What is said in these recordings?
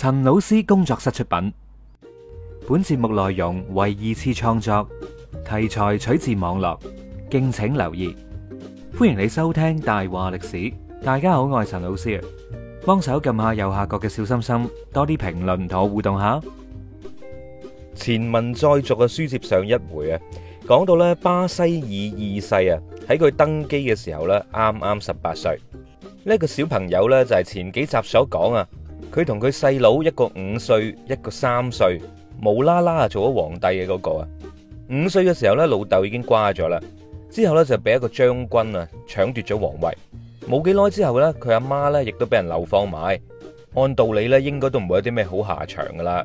陳老師工作室出品，本節目內容為二次創作，題材取自網絡，敬請留意。歡迎你收聽《大話歷史》，大家好，我係陳老師啊，幫手撳下右下角嘅小心心，多啲評論同我互動下。前文再續嘅書接上一回啊，講到咧巴西爾二世啊喺佢登基嘅時候咧，啱啱十八歲，呢、這個小朋友咧就係前幾集所講啊。佢同佢細佬一個五歲，一個三歲，無啦啦啊做咗皇帝嘅嗰個啊，五歲嘅時候咧，老豆已經瓜咗啦，之後呢，就俾一個將軍啊搶奪咗皇位，冇幾耐之後呢，佢阿媽呢亦都俾人流放埋，按道理呢，應該都唔會有啲咩好下場噶啦，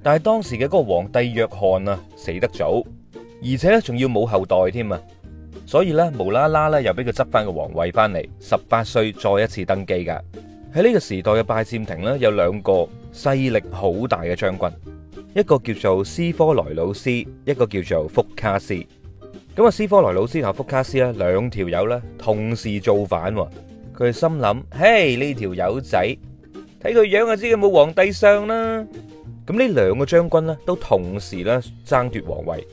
但係當時嘅嗰個皇帝約翰啊死得早，而且咧仲要冇後代添啊，所以呢，無啦啦呢，又俾佢執翻個皇位翻嚟，十八歲再一次登基噶。喺呢個時代嘅拜占庭咧，有兩個勢力好大嘅將軍，一個叫做斯科萊魯斯，一個叫做福卡斯。咁啊，斯科萊魯斯同福卡斯咧，兩條友咧同時造反。佢哋心諗，嘿，呢條友仔，睇佢樣就知佢冇皇帝相啦。咁呢兩個將軍咧，都同時咧爭奪皇位。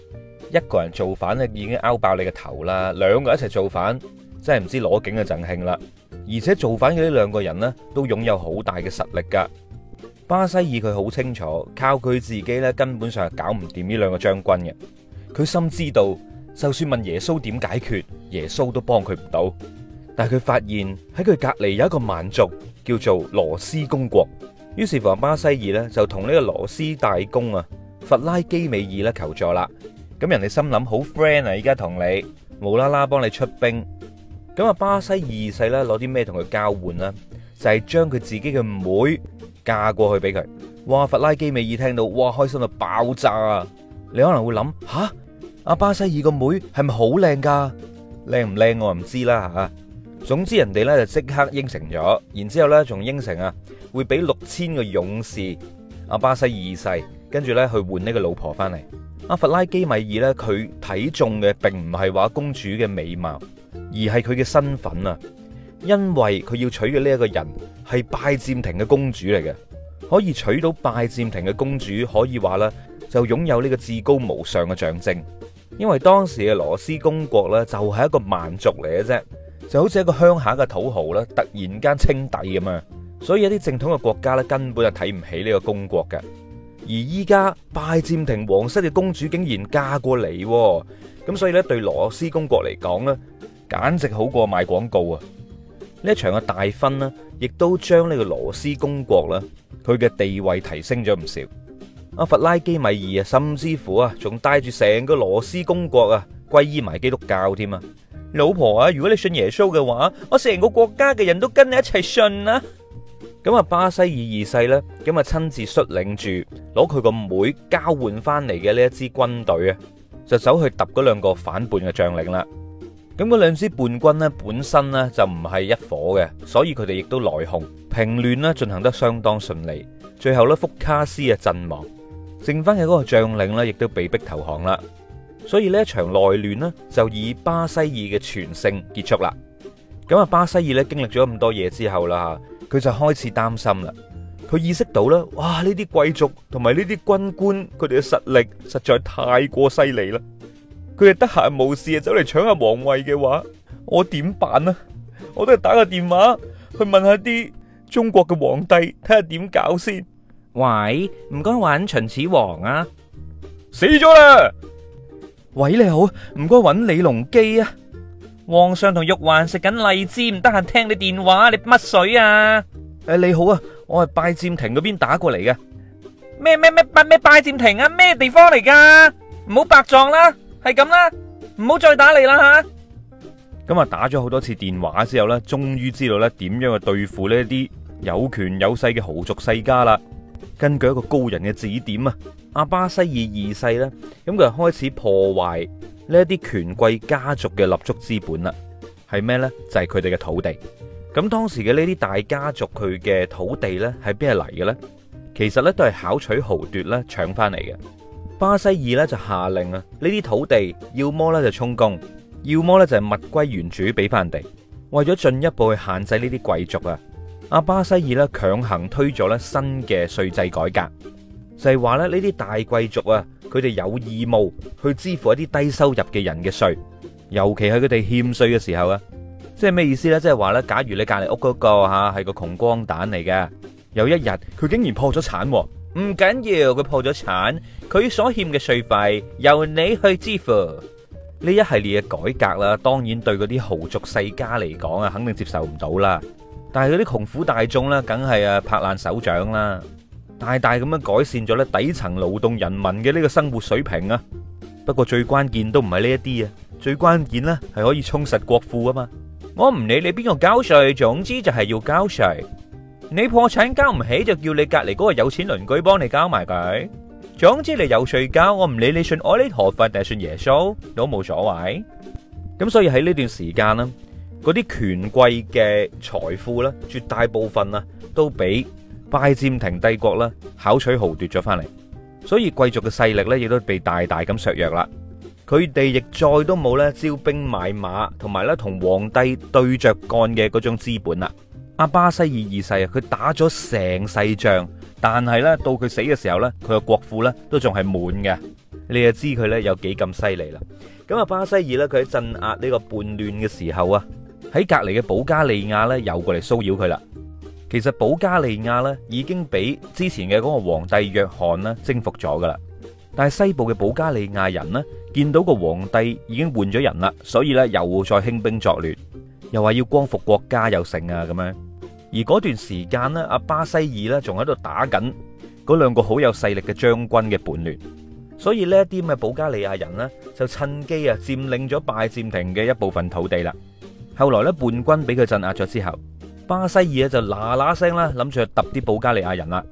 一個人造反咧已經拗爆你個頭啦，兩個一齊造反，真係唔知攞景嘅陣慶啦！而且造反嘅呢兩個人呢，都擁有好大嘅實力噶。巴西爾佢好清楚，靠佢自己呢根本上係搞唔掂呢兩個將軍嘅。佢深知道，就算問耶穌點解決，耶穌都幫佢唔到。但係佢發現喺佢隔籬有一個蠻族叫做羅斯公國，於是乎巴西爾呢就同呢個羅斯大公啊弗拉基米爾呢求助啦。咁人哋心諗好 friend 啊，依家同你無啦啦幫你出兵。咁啊，巴西二世咧攞啲咩同佢交換呢？就係將佢自己嘅妹，妹嫁過去俾佢。哇，弗拉基米爾聽到哇，開心到爆炸啊！你可能會諗吓，阿、啊、巴西二個妹係咪好靚噶？靚唔靚我唔知啦吓、啊。總之人哋咧就即刻應承咗，然之後咧仲應承啊，會俾六千個勇士阿巴西二世，跟住咧去換呢個老婆翻嚟。阿、啊、弗拉基米爾咧，佢睇中嘅並唔係話公主嘅美貌。而係佢嘅身份啊，因為佢要娶嘅呢一個人係拜占庭嘅公主嚟嘅，可以娶到拜占庭嘅公主，可以話咧，就擁有呢個至高無上嘅象徵。因為當時嘅羅斯公國咧就係一個蠻族嚟嘅啫，就好似一個鄉下嘅土豪咧，突然間稱帝咁啊，所以一啲正統嘅國家咧根本就睇唔起呢個公國嘅。而依家拜占庭皇室嘅公主竟然嫁過嚟，咁所以咧對羅斯公國嚟講咧。簡直好過賣廣告啊！呢一場嘅大婚呢，亦都將呢個羅斯公國啦，佢嘅地位提升咗唔少。阿弗拉基米爾啊，甚至乎啊，仲帶住成個羅斯公國啊，皈依埋基督教添啊！老婆啊，如果你信耶穌嘅話，我成個國家嘅人都跟你一齊信啊。咁啊，巴西爾二世呢，咁啊，親自率領住攞佢個妹交換翻嚟嘅呢一支軍隊啊，就走去揼嗰兩個反叛嘅將領啦。咁嗰兩支叛軍咧，本身呢，就唔係一伙嘅，所以佢哋亦都內訌，平亂咧進行得相當順利。最後咧，福卡斯啊陣亡，剩翻嘅嗰個將領咧亦都被逼投降啦。所以呢一場內亂呢，就以巴西爾嘅全勝結束啦。咁啊，巴西爾咧經歷咗咁多嘢之後啦，佢就開始擔心啦。佢意識到咧，哇！呢啲貴族同埋呢啲軍官，佢哋嘅實力實在太過犀利啦。佢哋得閒無事就走嚟搶下皇位嘅話，我點辦呢？我都係打個電話去問下啲中國嘅皇帝，睇下點搞先。喂，唔該搵秦始皇啊，死咗啦！喂，你好，唔該搵李隆基啊，皇上同玉環食緊荔枝，唔得閒聽你電話，你乜水啊？誒，你好啊，我係拜占庭嗰邊打過嚟嘅。咩咩咩拜咩拜占庭啊？咩地方嚟噶？唔好白撞啦！係咁啦，唔好再打嚟啦吓！咁啊，打咗好多次電話之後呢，終於知道咧，點樣去對付呢啲有權有勢嘅豪族世家啦。根據一個高人嘅指點啊，阿巴西爾二世呢，咁佢開始破壞呢啲權貴家族嘅立足資本啦。係咩呢？就係佢哋嘅土地。咁當時嘅呢啲大家族佢嘅土地呢係邊嚟嘅呢？其實呢，都係巧取豪奪咧，搶翻嚟嘅。巴西爾咧就下令啊，呢啲土地要麼咧就充公，要麼咧就係物歸原主，俾翻人哋。為咗進一步去限制呢啲貴族啊，阿巴西爾咧強行推咗咧新嘅稅制改革，就係話咧呢啲大貴族啊，佢哋有義務去支付一啲低收入嘅人嘅稅，尤其係佢哋欠稅嘅時候啊。即係咩意思呢？即係話呢，假如你隔籬屋嗰個吓係個窮光蛋嚟嘅，有一日佢竟然破咗產。唔緊要，佢破咗產，佢所欠嘅稅費由你去支付。呢一系列嘅改革啦，當然對嗰啲豪族世家嚟講啊，肯定接受唔到啦。但係嗰啲窮苦大眾咧，梗係啊拍爛手掌啦，大大咁樣改善咗咧底層勞動人民嘅呢個生活水平啊。不過最關鍵都唔係呢一啲啊，最關鍵呢係可以充實國庫啊嘛。我唔理你邊個交稅，總之就係要交稅。你破產交唔起就叫你隔籬，嗰個有錢鄰居幫你交埋佢。總之你有稅交，我唔理你信阿彌陀佛定係信耶穌都冇所謂。咁所以喺呢段時間呢，嗰啲權貴嘅財富呢，絕大部分啊都俾拜占庭帝國啦，巧取豪奪咗翻嚟。所以貴族嘅勢力呢亦都被大大咁削弱啦。佢哋亦再都冇呢招兵買馬，同埋呢同皇帝對着幹嘅嗰種資本啦。阿巴西爾二世啊，佢打咗成世仗，但係呢，到佢死嘅時候呢，佢個國庫呢都仲係滿嘅，你就知佢呢有幾咁犀利啦。咁啊，巴西爾呢，佢喺鎮壓呢個叛亂嘅時候啊，喺隔籬嘅保加利亞呢，又過嚟騷擾佢啦。其實保加利亞呢已經俾之前嘅嗰個皇帝約翰呢征服咗噶啦，但係西部嘅保加利亞人呢，見到個皇帝已經換咗人啦，所以呢，又再興兵作亂，又話要光復國家又成啊咁樣。而嗰段時間呢，阿巴西爾咧仲喺度打緊嗰兩個好有勢力嘅將軍嘅叛亂，所以呢啲咁嘅保加利亞人呢，就趁機啊佔領咗拜占庭嘅一部分土地啦。後來呢，叛軍俾佢鎮壓咗之後，巴西爾啊就嗱嗱聲啦，諗住去揼啲保加利亞人啦。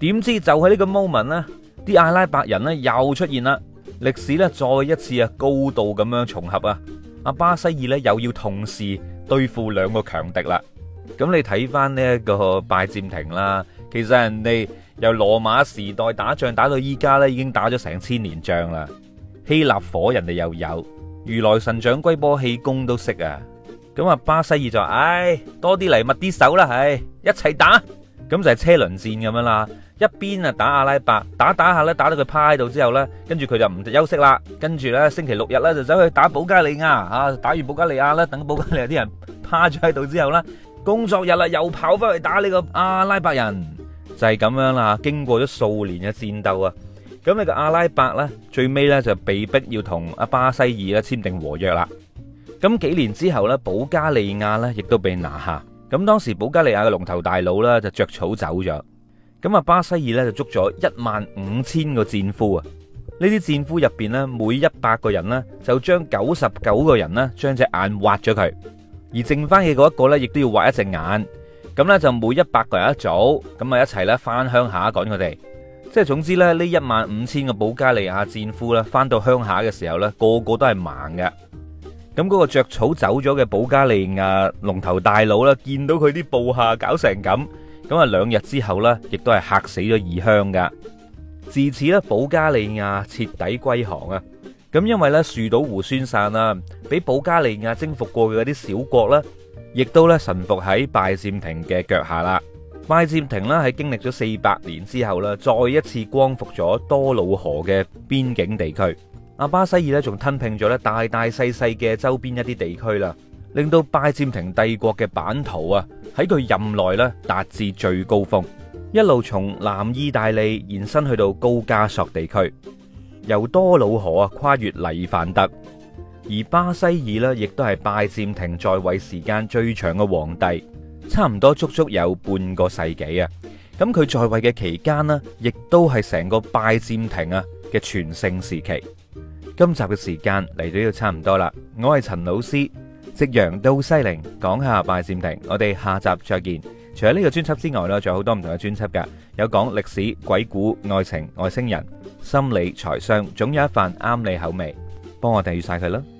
點知就喺呢個 moment 呢，啲阿拉伯人呢又出現啦，歷史呢再一次啊高度咁樣重合啊！阿巴西爾呢又要同時對付兩個強敵啦。咁你睇翻呢一個拜占庭啦，其實人哋由羅馬時代打仗打到依家咧，已經打咗成千年仗啦。希臘火人哋又有，如來神掌、龜波氣功都識啊。咁啊，巴西爾就話唉，多啲嚟握啲手啦，唉，一齊打，咁就係車輪戰咁樣啦。一邊啊打阿拉伯，打打下咧，打到佢趴喺度之後咧，跟住佢就唔休息啦，跟住咧星期六日咧就走去打保加利亞，吓打完保加利亞咧，等保加利亞啲人趴咗喺度之後咧。工作日啦，又跑翻去打呢個阿拉伯人，就係咁樣啦吓。經過咗數年嘅戰鬥啊，咁呢個阿拉伯呢，最尾呢就被逼要同阿巴西爾咧簽訂和約啦。咁幾年之後呢，保加利亞呢亦都被拿下。咁當時保加利亞嘅龍頭大佬呢，就着草走咗。咁啊，巴西爾呢，就捉咗一萬五千個戰俘啊。呢啲戰俘入邊呢，每一百個人呢，就將九十九個人呢，將隻眼挖咗佢。而剩翻嘅嗰一個呢，亦都要挖一隻眼。咁呢，就每一百個人一組，咁啊一齊呢翻鄉下趕佢哋。即係總之咧，呢一萬五千個保加利亞戰俘呢，翻到鄉下嘅時候呢，個個都係盲嘅。咁、那、嗰個著草走咗嘅保加利亞龍頭大佬呢，見到佢啲部下搞成咁，咁啊兩日之後呢，亦都係嚇死咗異鄉噶。自此呢，保加利亞徹底歸降啊！咁因為咧，樹倒猢猻散啊，俾保加利亞征服過嘅嗰啲小國呢，亦都咧臣服喺拜占庭嘅腳下啦。拜占庭呢，喺經歷咗四百年之後呢，再一次光復咗多瑙河嘅邊境地區。阿巴西爾呢，仲吞併咗咧大大細細嘅周邊一啲地區啦，令到拜占庭帝國嘅版圖啊喺佢任內呢達至最高峰，一路從南意大利延伸去到高加索地區。由多瑙河啊跨越黎凡特，而巴西爾呢亦都係拜占庭在位時間最長嘅皇帝，差唔多足足有半個世紀啊！咁佢在位嘅期間呢，亦都係成個拜占庭啊嘅全盛時期。今集嘅時間嚟到呢度差唔多啦，我係陳老師，夕陽到西寧講下拜占庭，我哋下集再見。除咗呢個專輯之外呢仲有好多唔同嘅專輯㗎，有講歷史、鬼故、愛情、外星人。心理、財商，總有一份啱你口味，幫我訂閱晒佢啦～